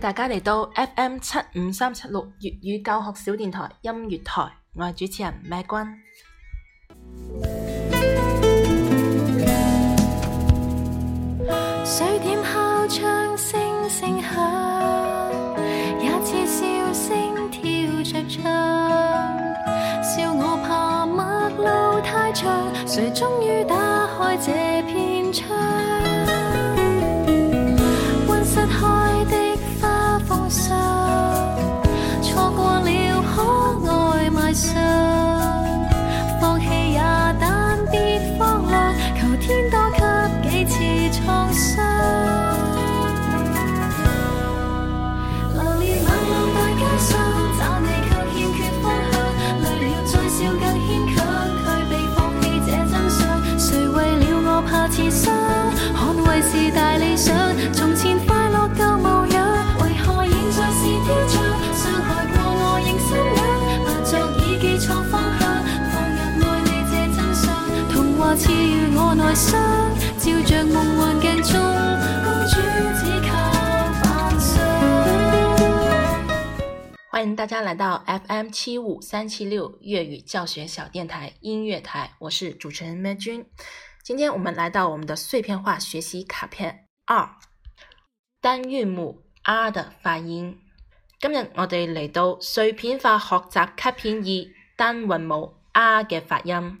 大家嚟到 FM 七五三七六粵語教學小電台音樂台，我係主持人咩君。水點敲窗聲聲響，也似笑聲跳着唱。笑我怕陌路太長，誰終於打開這片窗？歡迎大家來到 FM 七五三七六粵語教學小電台音樂台，我是主持人咩君。今天我們來到我們的碎片化學習卡片二單韻母 aa 的發音。今日我哋嚟到碎片化學習卡片二單韻母 aa 嘅發音。